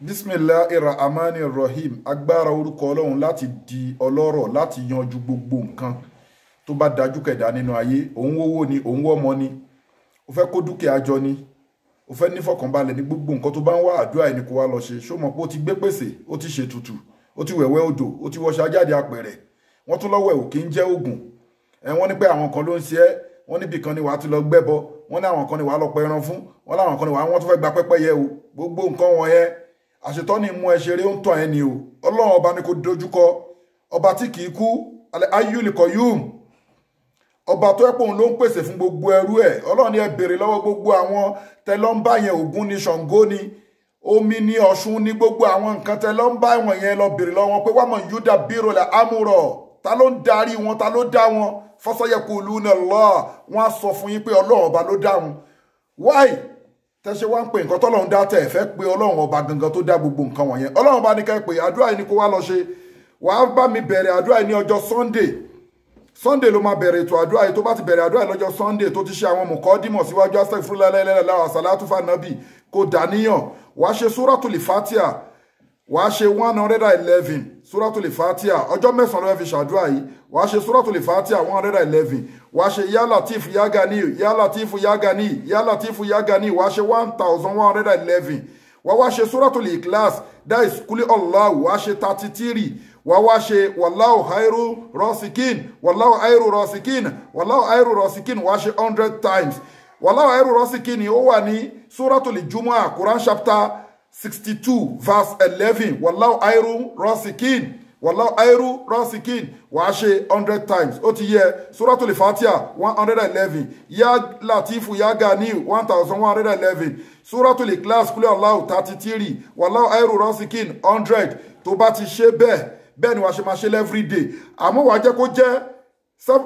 bisimilahi rahmani rahim agbára orúkọ ọlọ́run láti di ọlọ́rọ̀ láti yanjú gbogbo nǹkan tó bá dájú kẹ̀dá nínú ayé òun wówó ni òun wọ́mọ ni o fẹ́ kó dúkìá jọ ni o fẹ́ ní fọkànbalẹ̀ ní gbogbo nǹkan tó bá ń wá àdúrà ẹni kó wá lọ ṣe ṣó mọ̀ pé o ti gbé pèsè o ti ṣètùtù o ti wẹ̀wẹ́ odò o ti wọṣọ ajáde apẹ̀rẹ̀ wọ́n tún lọ́wọ́ ẹ̀ ò kí ń jẹ́ oògùn ẹ̀ wọ́n ní pé àwọn kan ló ń ṣe ẹ́ wọ́n níbi kan ni wàá ti lọ gbẹ́bọ wọ́n ní àwọn kan ni wàá lọ pẹran fún wọ́n láwọn kan ni wàá wọ́n tún fẹ́ gba pẹ́pẹ́yẹ o gbogbo nǹkan wọn yẹn àṣetọ́ ni mú ẹ ṣeré ń tàn ẹ́ ni o ọlọ́run ọba ni kò dojúkọ ọba tí kì í kú ayúlikọ yúùm ọba tó ẹ pòun ló ń pèsè fún gbogbo ẹrú ẹ ọlọ́run ni ẹ béèrè lọ́wọ́ gbogbo àwọn tẹlọ́mbà yẹn ògún ni ṣàngó ni omi ni ọ̀ṣun ni gbogbo àwọn nǹkan tẹlọ́mbà wọn yẹn lọ béèrè lọ́wọ́ pé wàmọ̀ yúdà bírò là ámúrọ̀ ta ló ń darí wọn ta ló dá wọn fọ́sọ́yẹ̀kú lùnà lọ́ọ̀ wọn á sọ fún yín pé ọlọ́run ọba ló dá wọn wáyé tẹ́sẹ̀ wá ń pè nǹkan tọ́lọ́run dá tẹ̀ fẹ́ pé ọlọ́run ọba gangan tó dá gbogbo nǹkan wọ̀nyẹn ọlọ́run ọba ní ká pè àdúrà yìí ni kó wá lọ ṣe wàá bá mi bẹ̀rẹ̀ àdúrà yìí ní ọjọ́ sunday sunday ló máa bẹ̀rẹ̀ ètò àdúrà yìí tó bá ti bẹ̀rẹ̀ àdúrà yìí lọ́jọ́ sunday tó ti ṣe àwọn mọ̀kọ́ dìmọ̀ síwájú astaghfirullah la ilaha illallah salatu fa nabi kó dàníyàn wàá ṣe suratul fatiha wàá ṣe one hundred and eleven suratul fatia ọjọ́ mẹ́sàn-án lọ́wọ́ fi ṣàdúrà yìí wàá ṣe suratul fatia one hundred and eleven wàá ṣe ya latif ya gani ya latif ya gani ya latif ya gani wàá ṣe one thousand one hundred and eleven wàá wá ṣe suratul ikhlas that is kuli allah wàá ṣe thirty three wàá wá ṣe wàláwò àìrò rọ́sìkín wàláwò àìrò rọ́sìkín wàláwò àìrò rọ́sìkín wàá ṣe hundred times wàláwò àìrò rọ́sìkín ni ó wà ní suratul jumu'ah quran chapter 62 verse 11 wàláwù àìrú rọ́sìkìn wàláwù àìrú rọ́sìkìn wàá ṣe 100 times ó ti yẹ one hundred eleven. yá latifu yá gani 1111 suratul ikhlas kúlẹ̀ aláwù 33 wàláwù àìrú rọ́sìkìn 100 tó bá ti ṣe bẹ́ẹ̀ bẹ́ẹ̀ ni wàá ṣe máa ṣe every day àmọ́ wàá jẹ́ kó jẹ́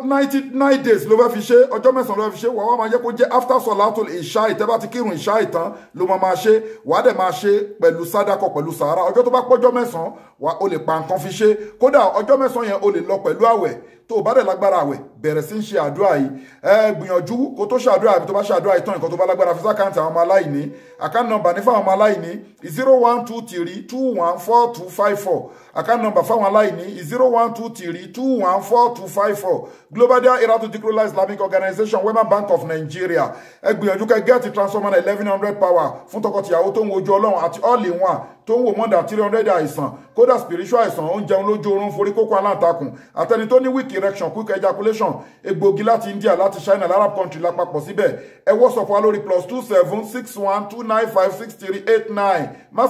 ninety nine days ló fẹ́ fi ṣe ọjọ́ mẹ́sàn-án ló fẹ́ fi ṣe wàá wá máa jẹ́ kó jẹ́ after solatul isha ìtẹ́bá ti kírun isha ìtàn ló máa máa ṣe wàá dẹ̀ máa ṣe pẹ̀lú sádàkọ̀ pẹ̀lú sàárà ọjọ́ tó bá pọ́jọ́ mẹ́sàn-án wàá o lè pa nǹkan fi ṣe kódà ọjọ́ mẹ́sàn-án yẹn o lè lọ pẹ̀lú àwẹ̀ tó o bá dẹ̀ lágbára àwẹ̀ bẹ̀rẹ̀ sí ń ṣe àdúrà yìí ẹ gbìyànjú kó tó ṣàdúrà àbí tó bá ṣàdúrà yìí tán nǹkan tó bá lágbára fi sákàǹtì àwọn ọmọ aláìní àkáǹtì nọ́mbà ní fáwọn ọmọ aláìní zero one two three two one four two five four àkáǹtì nọ́mbà fáwọn aláìní zero one two three two one four two five four Global Dahiratu Dhikrlahi Islamic Organization Wema Bank of Nigeria ẹ gbìyànjú kẹ́ gẹ́ẹ̀tì transformer eleven hundred power fún tọkọtìyàwó tó ń wojú Ọlọ́run àti all in one tó ń wò mọ́dà three hundred àìsàn kódà spiritual àìsàn ó ń jẹun lójú oorun forí kókó aláǹtakùn àtẹni tó ní weak erection quick ejaculation náà egbògi láti India láti China Arab country lápapọ̀ síbẹ̀ ẹ wọ́sọ̀fọ́ lórí plus two seven six one two nine five six three eight nine.